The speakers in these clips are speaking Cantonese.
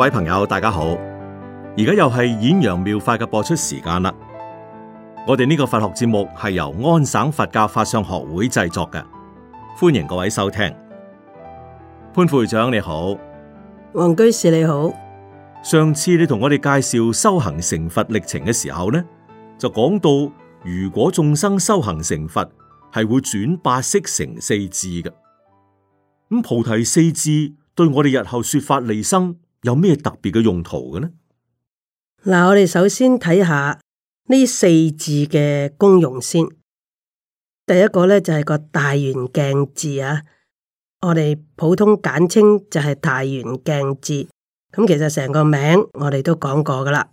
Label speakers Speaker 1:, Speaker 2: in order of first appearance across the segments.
Speaker 1: 各位朋友，大家好！而家又係《演揚妙，妙法》嘅播出時間啦。我哋呢個佛學節目係由安省佛教法相學會製作嘅，歡迎各位收聽。潘副會長你好，
Speaker 2: 黃居士你好。上次你同
Speaker 1: 我哋介紹修行成佛歷程嘅時候咧，就講到如果眾生修行成佛，係會轉八識成四智嘅。
Speaker 3: 咁
Speaker 1: 菩提四智對我哋日後說法利生，有咩特別嘅用途嘅呢？
Speaker 2: 嗱，我哋首先睇下呢四智嘅功用先。第一個咧就係、是、個大圓鏡智啊，我哋普通簡稱就係大圓鏡智。咁其實成個名我哋都講過噶啦，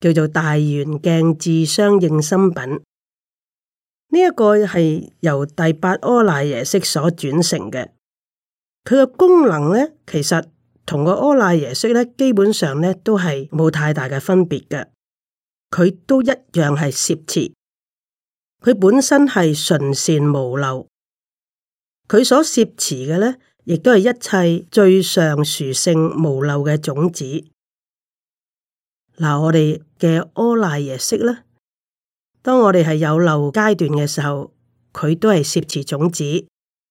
Speaker 2: 叫做大圓鏡智相應心品。呢、這、一個係由第八阿賴耶識所轉成嘅，佢嘅功能咧其實。同個阿賴耶識咧，基本上咧都係冇太大嘅分別嘅，佢都一樣係攝持，佢本身係純善無漏，佢所攝持嘅咧，亦都係一切最上殊勝無漏嘅種子。嗱，我哋嘅阿賴耶識咧，當我哋係有漏階段嘅時候，佢都係攝持種子，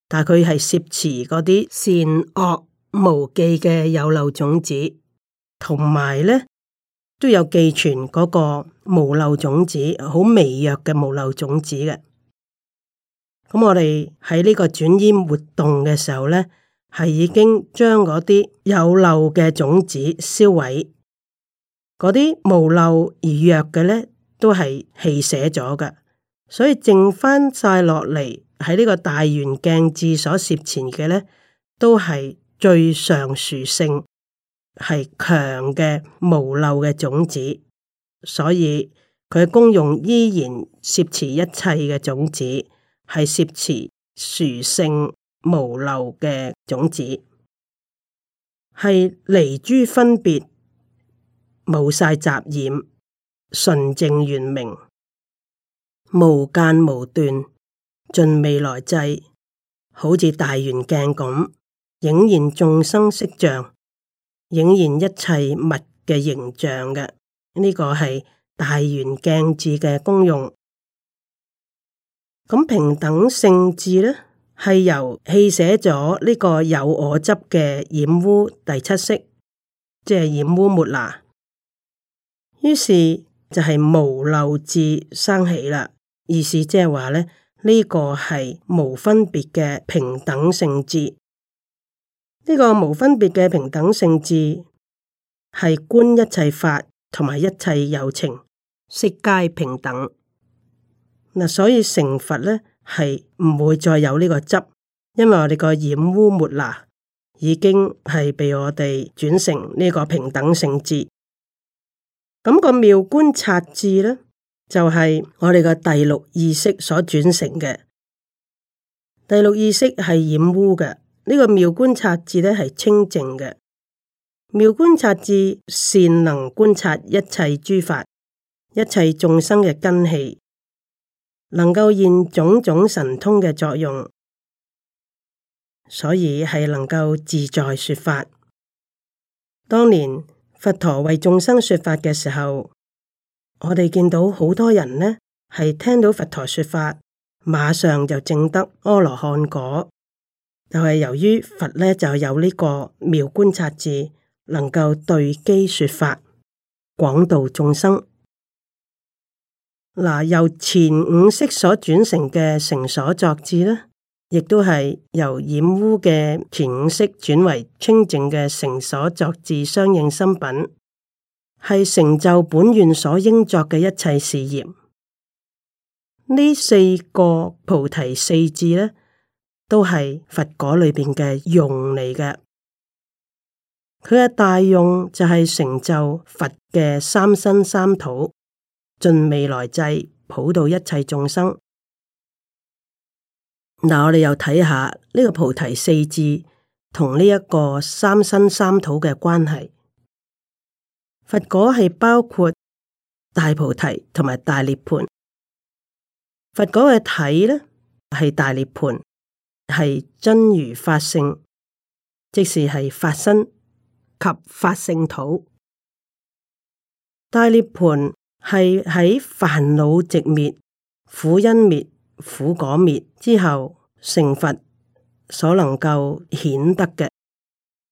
Speaker 2: 但佢係攝持嗰啲善惡，無記嘅有漏種子，同埋咧都有寄存嗰個無漏種子，好微弱嘅無漏種子嘅。咁我哋喺呢個轉依活動嘅時候咧，係已經將嗰啲有漏嘅種子燒毀，嗰啲無漏而弱嘅咧都係棄捨咗嘅。所以剩翻晒落嚟喺呢個大圓鏡智所攝前嘅咧，都係。最上殊勝，係強嘅無漏嘅種子，所以佢嘅功用依然攝持一切嘅種子，係攝持殊勝無漏嘅種子，係離諸分別，冇晒雜染，純正圓明，無間無斷，盡未來際，好似大圓鏡咁。影現眾生色相，影現一切物嘅形象嘅，呢個係大圓鏡智嘅功用。咁平等性智咧，係由棄捨咗呢個有我執嘅染污第七識，即係染污末那。於是就係無漏智生起啦。意思即係話咧，呢個係無分別嘅平等性智。呢個無分別嘅平等性智係觀一切法同埋一切有情悉皆平等嗱，所以成佛咧係唔會再有呢個執，因為我哋個染污末那已經係被我哋轉成呢個平等性智。咁、那個妙觀察智咧就係、是、我哋個第六意識所轉成嘅，第六意識係染污嘅。呢個妙觀察智呢係清淨嘅，妙觀察智，善能觀察一切諸法，一切眾生嘅根器，能夠現種種神通嘅作用，所以係能夠自在說法。當年佛陀為眾生說法嘅時候，我哋見到好多人呢係聽到佛陀說法，馬上就證得阿羅漢果。就係由於佛呢，就有呢個妙觀察智，能夠對機說法，廣度眾生。嗱、嗯，由前五識所轉成嘅成所作智呢，亦都係由染污嘅前五識轉為清淨嘅成所作智相應心品，係成就本願所應作嘅一切事業。呢四個菩提四智呢。都係佛果裏邊嘅用嚟嘅，佢嘅大用就係成就佛嘅三身三土，盡未來際普渡一切眾生。嗱，我哋又睇下呢個菩提四智同呢一個三身三土嘅關係。佛果係包括大菩提同埋大涅盤，佛果嘅體咧係大涅盤。係真如法性，即是係法身及法性土。大涅槃係喺煩惱直滅、苦因滅、苦果滅之後成佛所能夠顯得嘅。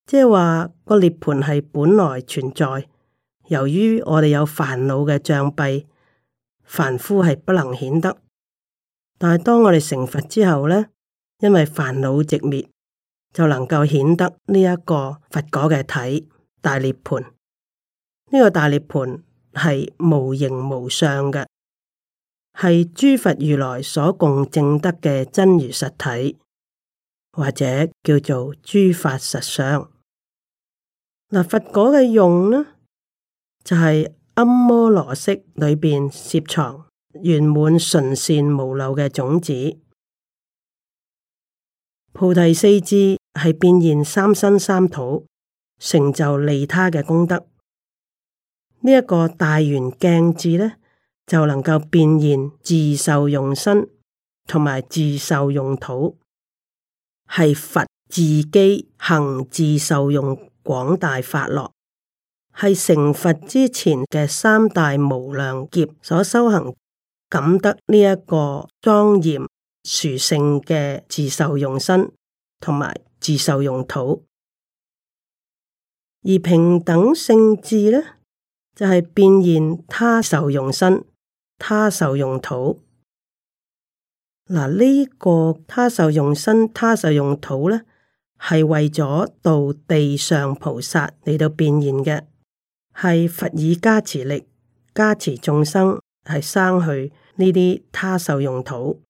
Speaker 2: 即係話個涅槃係本來存在，由於我哋有煩惱嘅障蔽，凡夫係不能顯得。但係當我哋成佛之後咧，因為煩惱直滅就能夠顯得呢一個佛果嘅體大涅槃，呢、這個大涅槃係無形無相嘅，係諸佛如來所共證得嘅真如實體，或者叫做諸法實相。佛果嘅用呢，就係、是、庵摩羅識裏邊攝藏圓滿純善無漏嘅種子。菩提四智係變現三身三土，成就利他嘅功德。呢、這、一個大圓鏡智呢，就能夠變現自受用身同埋自受用土，係佛自己行自受用廣大法樂，係成佛之前嘅三大無量劫所修行感得呢一個莊嚴殊勝嘅自受用身同埋自受用土，而平等性智呢，就係、是、變現他受用身、他受用土。嗱，呢個他受用身、他受用土呢，係為咗到地上菩薩嚟到變現嘅，係佛以加持力加持眾生，係生去呢啲他受用土。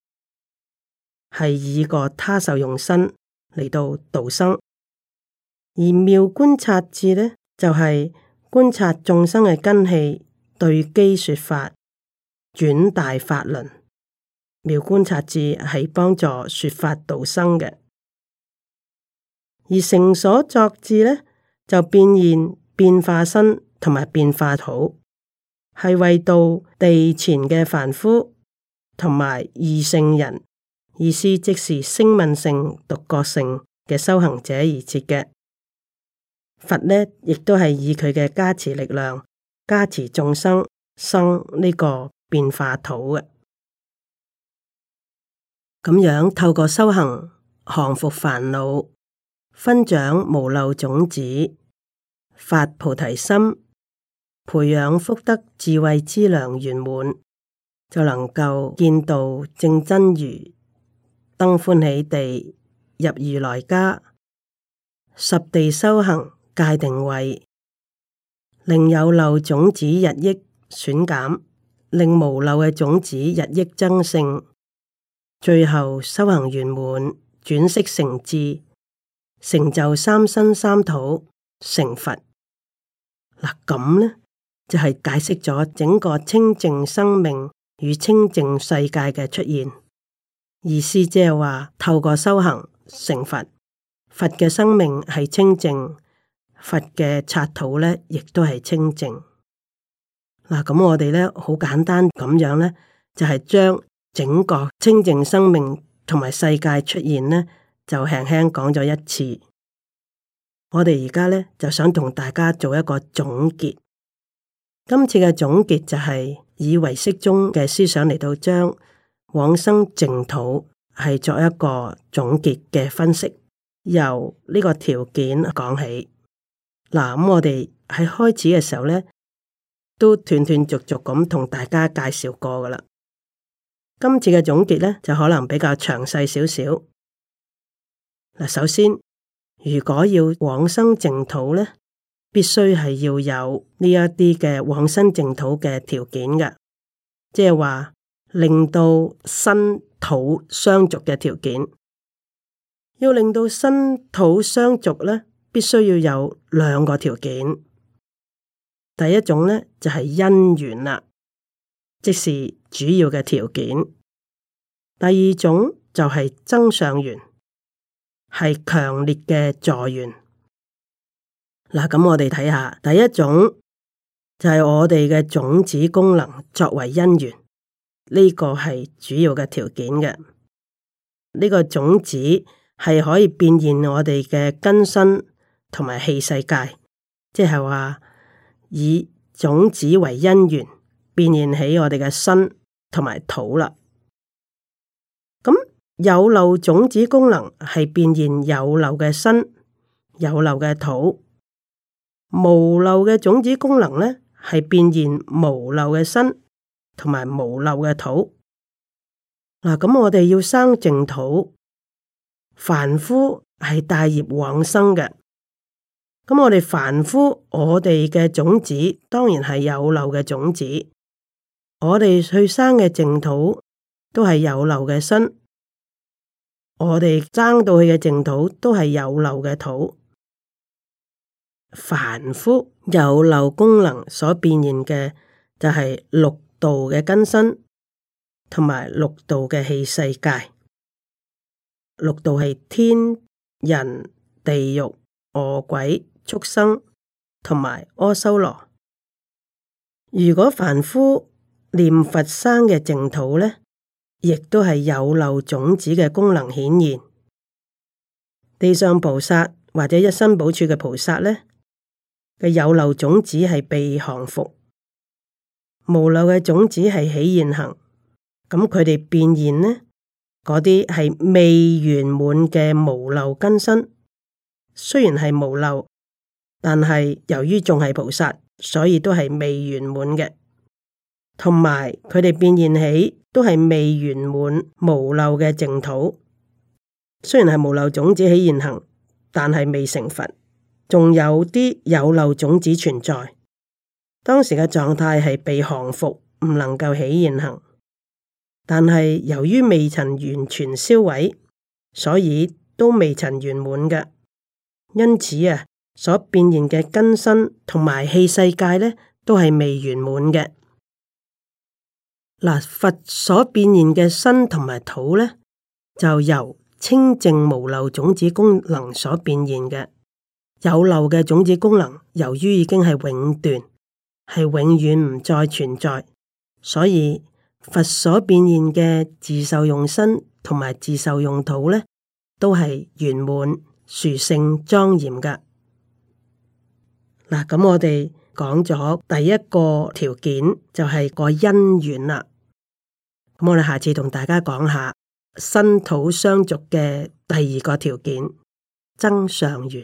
Speaker 2: 係以個他受用身嚟到度生，而妙觀察智呢，就係、是、觀察眾生嘅根器，對機說法，轉大法輪。妙觀察智係幫助說法度生嘅，而成所作智呢，就變現變化身同埋變化土，係為度地前嘅凡夫同埋二乘人。意思即是，聲聞性、獨覺性嘅修行者而設嘅佛呢，亦都係以佢嘅加持力量加持眾生生呢個變化土嘅咁樣，透過修行降伏煩惱、分長無漏種子、發菩提心、培養福德智慧之良圓滿，就能夠見到正真如。登歡喜地入如來家，十地修行戒定慧，令有漏種子日益損減，令無漏嘅種子日益增盛。最後修行圓滿，轉識成智，成就三身三土成佛。嗱咁呢，就係、是、解釋咗整個清淨生命與清淨世界嘅出現。意思即係話，透過修行成佛，佛嘅生命係清淨，佛嘅剎土咧，亦都係清淨。嗱，咁我哋咧好簡單咁樣咧，就係、是、將整個清淨生命同埋世界出現咧，就輕輕講咗一次。我哋而家咧就想同大家做一個總結。今次嘅總結就係、是、以唯識宗嘅思想嚟到將。往生淨土係作一個總結嘅分析，由呢個條件講起。嗱，咁我哋喺開始嘅時候咧，都斷斷續續咁同大家介紹過㗎喇。今次嘅總結咧，就可能比較詳細少少。嗱，首先，如果要往生淨土咧，必須係要有呢一啲嘅往生淨土嘅條件嘅，即係話。令到新土相續嘅條件，要令到新土相續咧，必須要有兩個條件。第一種咧就係、是、姻緣啦，即是主要嘅條件。第二種就係增上緣，係強烈嘅助緣。嗱，咁我哋睇下第一種就係我哋嘅種子功能作為因緣。呢個係主要嘅條件嘅，呢個種子係可以變現我哋嘅根身同埋器世界，即係話以種子為因緣變現起我哋嘅身同埋土啦。咁有漏種子功能係變現有漏嘅身，有漏嘅土；無漏嘅種子功能呢，係變現無漏嘅身，同埋無漏嘅土，嗱、啊、咁我哋要生淨土。凡夫係帶業往生嘅，咁我哋凡夫，我哋嘅種子當然係有漏嘅種子。我哋去生嘅淨土都係有漏嘅身，我哋爭到去嘅淨土都係有漏嘅土。凡夫有漏功能所變現嘅就係六道嘅根身，同埋六道嘅器世界。六道係天、人、地獄、餓鬼、畜生，同埋阿修羅。如果凡夫念佛生嘅淨土咧，亦都係有漏種子嘅功能顯現。地上菩薩或者一生補處嘅菩薩咧嘅有漏種子係被降伏，無漏嘅種子係起現行，咁佢哋變現呢，嗰啲係未圓滿嘅無漏根身，雖然係無漏，但係由於仲係菩薩，所以都係未圓滿嘅。同埋佢哋變現起都係未圓滿無漏嘅淨土，雖然係無漏種子起現行，但係未成佛，仲有啲有漏種子存在。當時嘅狀態係被降服，唔能夠起現行。但係由於未曾完全銷毀，所以都未曾圓滿嘅。因此啊，所變現嘅根身同埋器世界呢，都係未圓滿嘅。嗱，佛所變現嘅身同埋土呢，就由清淨無漏種子功能所變現嘅。有漏嘅種子功能，由於已經係永斷。係永遠唔再存在，所以佛所變現嘅自受用身同埋自受用土呢，都係圓滿殊勝莊嚴噶。嗱，咁我哋講咗第一個條件就係、是、個因緣啦。咁我哋下次同大家講下身土相續嘅第二個條件，增上緣。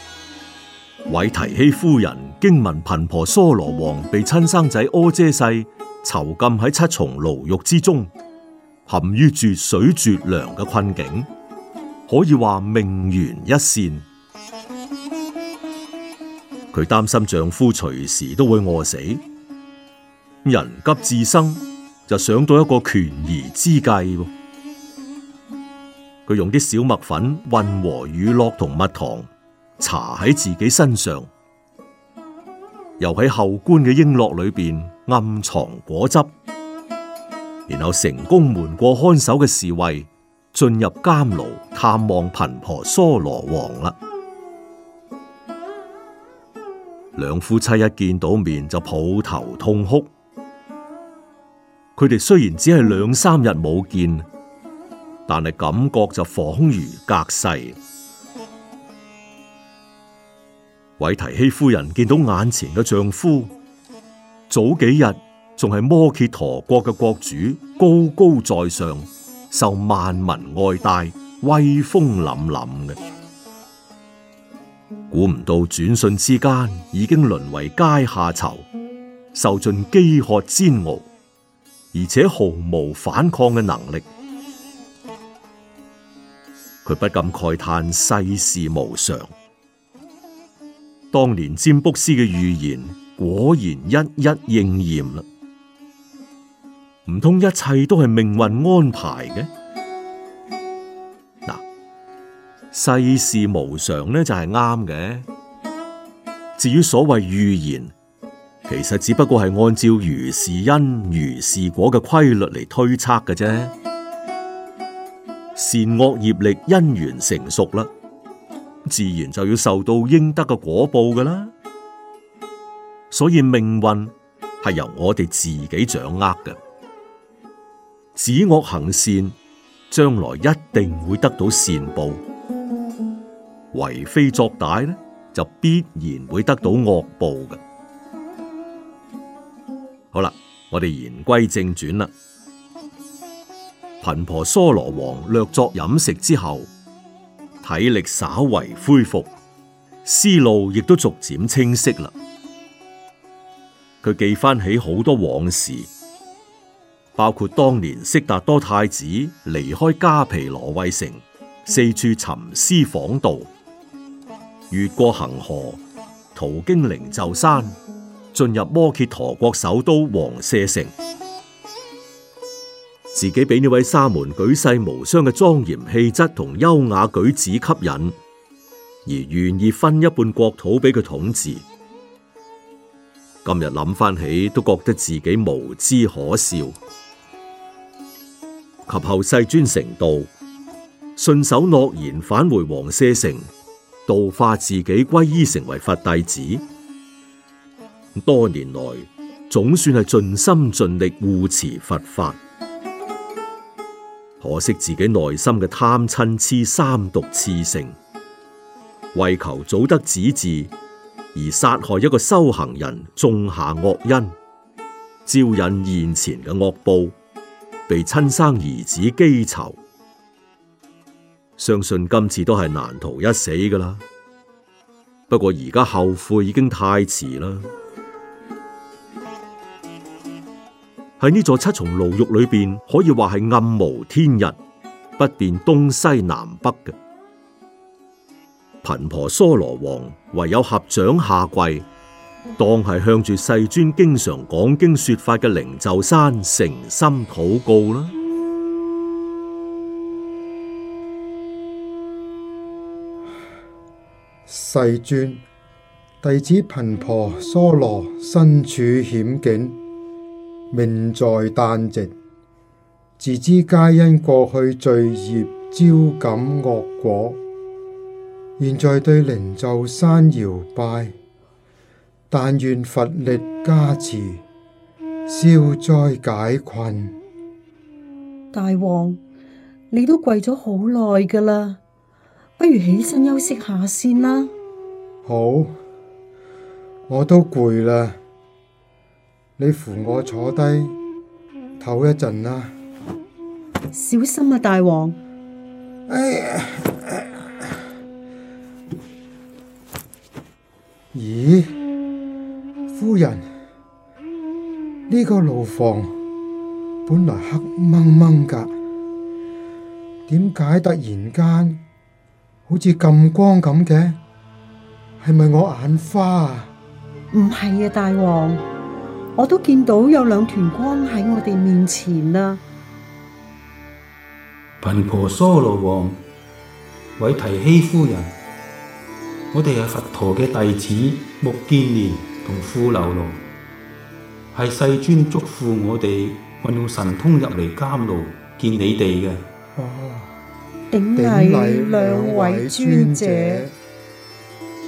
Speaker 1: 韋提希夫人經聞頻婆娑羅王被親生仔阿闍世囚禁喺七重牢獄之中，陷於絕水絕糧嘅困境，可以話命懸一線。佢擔心丈夫隨時都會餓死，人急智生，就想到一個權宜之計。佢用啲小麥粉混和乳酪同蜜糖。搽喺自己身上，又喺后官嘅瓔珞裏邊暗藏果汁，然後成功瞞過看守嘅侍衛，進入監牢探望頻婆娑羅王啦。兩夫妻一見到面就抱頭痛哭。佢哋雖然只係兩三日冇見，但係感覺就恍如隔世。韋提希夫人見到眼前嘅丈夫，早幾日仲係摩羯陀國嘅國主，高高在上，受萬民愛戴，威風凜凜嘅。估唔到轉瞬之間，已經淪為階下囚，受盡饑渴煎，煎熬，而且毫無反抗嘅能力。佢不禁慨嘆世事無常。當年占卜師嘅預言果然一一應驗啦，唔通一切都係命運安排嘅？嗱，世事無常呢，就係啱嘅。至於所謂預言，其實只不過係按照如是因如是果嘅規律嚟推測㗎啫。善惡業力，因緣成熟啦。自然就要受到應得嘅果報㗎啦，所以命運係由我哋自己掌握嘅。止惡行善，將來一定會得到善報；為非作歹呢，就必然會得到惡報嘅。好啦，我哋言歸正傳啦。頻婆娑羅王略作飲食之後。體力稍為恢復，思路亦都逐漸清晰啦。佢記翻起好多往事，包括當年悉達多太子離開迦毗羅衛城，四處尋師訪道，越過恒河，途經靈鷲山，進入摩揭陀國首都王舍城。自己俾呢位沙門舉世無雙嘅莊嚴氣質同優雅舉止吸引，而願意分一半國土俾佢統治。今日諗翻起，都覺得自己無知可笑。及後世尊成道，信守諾言返回王舍城，度化自己歸依成為佛弟子。多年來，總算係盡心盡力護持佛法。可惜自己內心嘅貪嗔癡三毒熾盛，為求早得子嗣而殺害一個修行人，種下惡因，招引現前嘅惡報，被親生兒子記仇，相信今次都係難逃一死㗎喇。不過而家後悔已經太遲啦。喺呢座七重牢獄裏面，可以話係暗無天日，不辨東西南北嘅。頻婆娑羅王唯有合掌下跪，當係向住世尊經常講經說法嘅靈鷲山誠心禱告啦。
Speaker 3: 世尊，弟子頻婆娑羅身處險境。命在旦夕，自知皆因過去罪孽招感惡果，現在對靈鷲山搖拜，但願佛力加持，消災解困。
Speaker 2: 大王，你都跪咗好耐噶啦，不如起身休息下先啦。
Speaker 3: 好，我都攰啦。你扶我坐低，唞一陣啦。
Speaker 2: 小心啊，大王！哎呀、
Speaker 3: 咦？夫人，呢、呢個牢房本來黑掹掹㗎，點解突然間好似咁光咁嘅？係咪我眼花啊？
Speaker 2: 唔係啊，大王。我都見到有兩團光喺我哋面前啦！
Speaker 1: 啊，頻婆娑羅王、韋提希夫人，我哋係佛陀嘅弟子目犍連同富樓那。係世尊囑咐我哋運用神通入嚟監牢見你哋嘅。
Speaker 3: 哦，頂禮兩位尊者。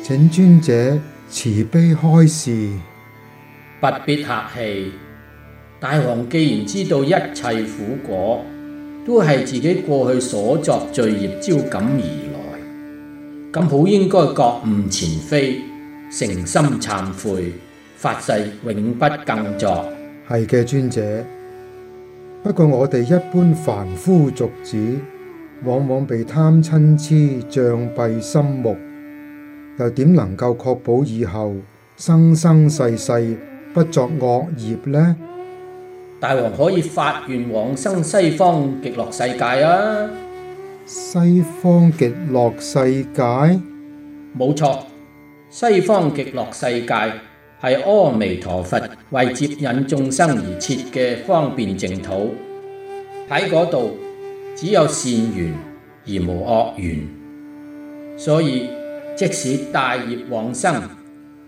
Speaker 3: 尊者請，尊者慈悲開示。
Speaker 4: 不必客氣，大王既然知道一切苦果都係自己過去所作罪孽招感而來，咁好應該覺悟前非，誠心懺悔，發誓永不更作。
Speaker 3: 係嘅尊者。不過我哋一般凡夫俗子，往往被貪嗔痴障蔽心目，又點能夠確保以後生生世世？不作惡業呢？
Speaker 4: 大王可以發願往生西方極樂世界啊！
Speaker 3: 西方極樂世界？冇錯，
Speaker 4: 西方極樂世界係阿彌陀佛為接引眾生而設嘅方便淨土，喺嗰度只有善緣而無惡緣，所以即使帶業往生，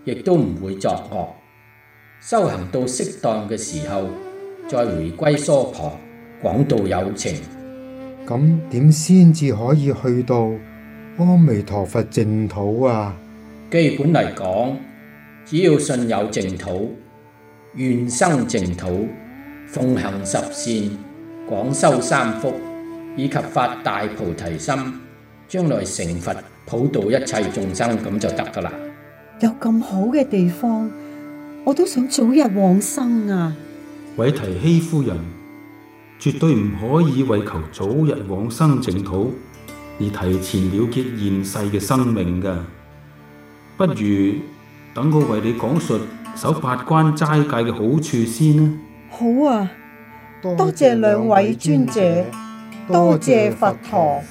Speaker 4: 亦都唔會作惡。修行到適當嘅時候，再回歸娑婆，廣度有情，
Speaker 3: 咁點先至可以去到阿彌陀佛淨土啊？
Speaker 4: 基本嚟講，只要信有淨土，願生淨土，奉行十善，廣修三福，以及發大菩提心，將來成佛普度一切眾生，咁就
Speaker 1: 得噶啦。
Speaker 2: 有咁好嘅地方。我都想早日往生啊！
Speaker 1: 韋提希夫人絕對唔可以為求早日往生淨土而提前了結現世嘅生命噶、啊，
Speaker 3: 不如等我為你講述守八關齋戒嘅好處先啦、
Speaker 2: 啊。好啊，多謝兩位尊者，者，多謝佛陀。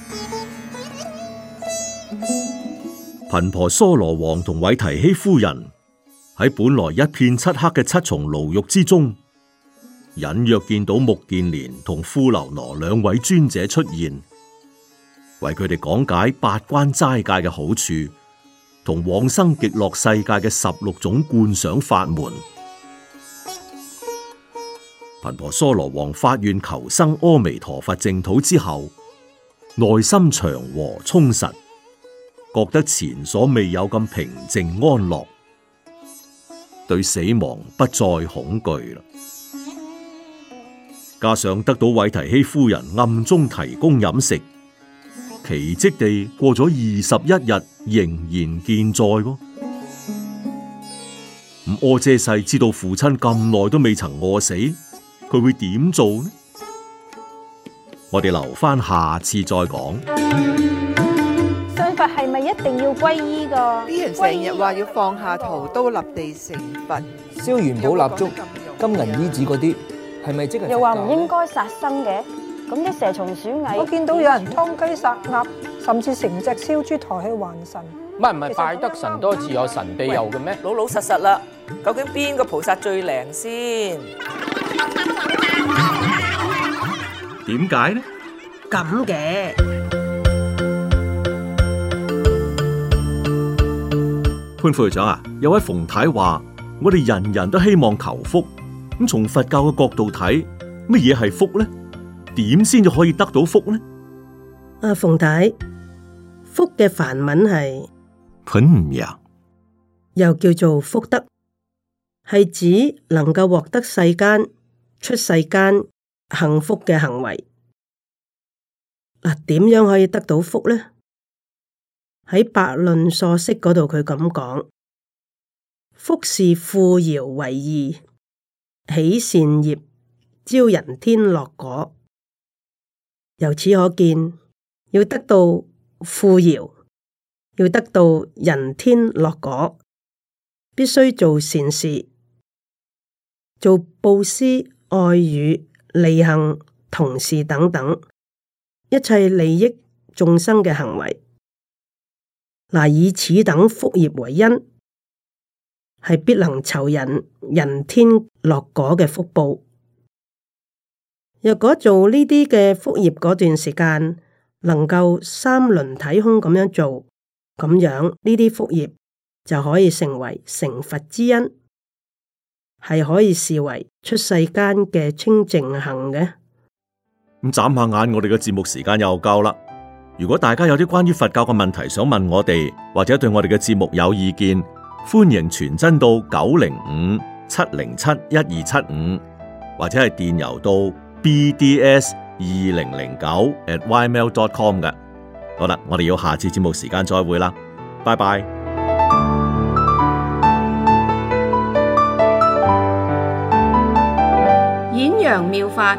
Speaker 1: 頻婆娑羅，羅王同韋提希夫人。喺本來一片漆黑嘅七重牢獄之中，隱約見到目犍連同富樓那兩位尊者出現，為佢哋講解八關齋戒嘅好處，同往生極樂世界嘅十六種觀想法門。頻婆娑羅王發願求生阿彌陀佛淨土之後，內心祥和充實，覺得前所未未有咁平靜安樂。對死亡不再恐懼啦，加上得到韋提希夫人暗中提供飲食，奇迹地過咗二十一日，仍然健在喎、哦。阿闍世知道父親咁耐都未曾餓死，佢會點做呢？我哋留翻下,下次再講。
Speaker 4: 係咪一定要皈依㗎？成日話要放下屠刀立地成佛，
Speaker 1: 燒元寶蠟燭、金銀衣紙嗰啲，係咪即係？又話唔
Speaker 4: 應該殺生嘅，咁啲蛇蟲鼠蟻，我見
Speaker 2: 到有人劏雞殺鴨，甚至成隻燒豬抬去還神。
Speaker 1: 唔係
Speaker 4: 唔係，拜得神多自有神庇佑嘅咩？老老實實啦，究竟邊個菩薩最靈先？
Speaker 1: 點解呢？
Speaker 2: 咁嘅。
Speaker 1: 潘副處長啊，有位馮太話：我哋人人都希望求福。咁從佛教嘅角度睇，乜嘢係福呢？點先至可以得到福呢？
Speaker 2: 啊，馮太，福嘅梵文係 punya，又叫做福德，係指能夠獲得世間、出世間幸福嘅行為。嗱，點樣可以得到福呢？喺百論所釋嗰度，佢咁講：福是富饒為義，起善業，招人天樂果。由此可見，要得到富饒，要得到人天樂果，必須做善事，做布施、愛語、利行、同事等等一切利益眾生嘅行為。嗱，以此等福業為因，係必能酬人人天樂果嘅福報。若果做呢啲嘅福業嗰段時間，能夠三輪體空咁樣做，咁樣呢啲福業就可以成為成佛之因，係可以視為出世間嘅清淨行嘅。
Speaker 1: 咁眨下眼，我哋嘅節目時間又夠啦。如果大家有啲關於佛教嘅問題想問我哋，或者對我哋嘅節目有意見，歡迎傳真到九零五七零七一二七五，75，或者係電郵到 bds 二零零九 @ymail.com 嘅。好啦，我哋要下次節目時間再會啦，拜拜。
Speaker 4: 演揚妙法。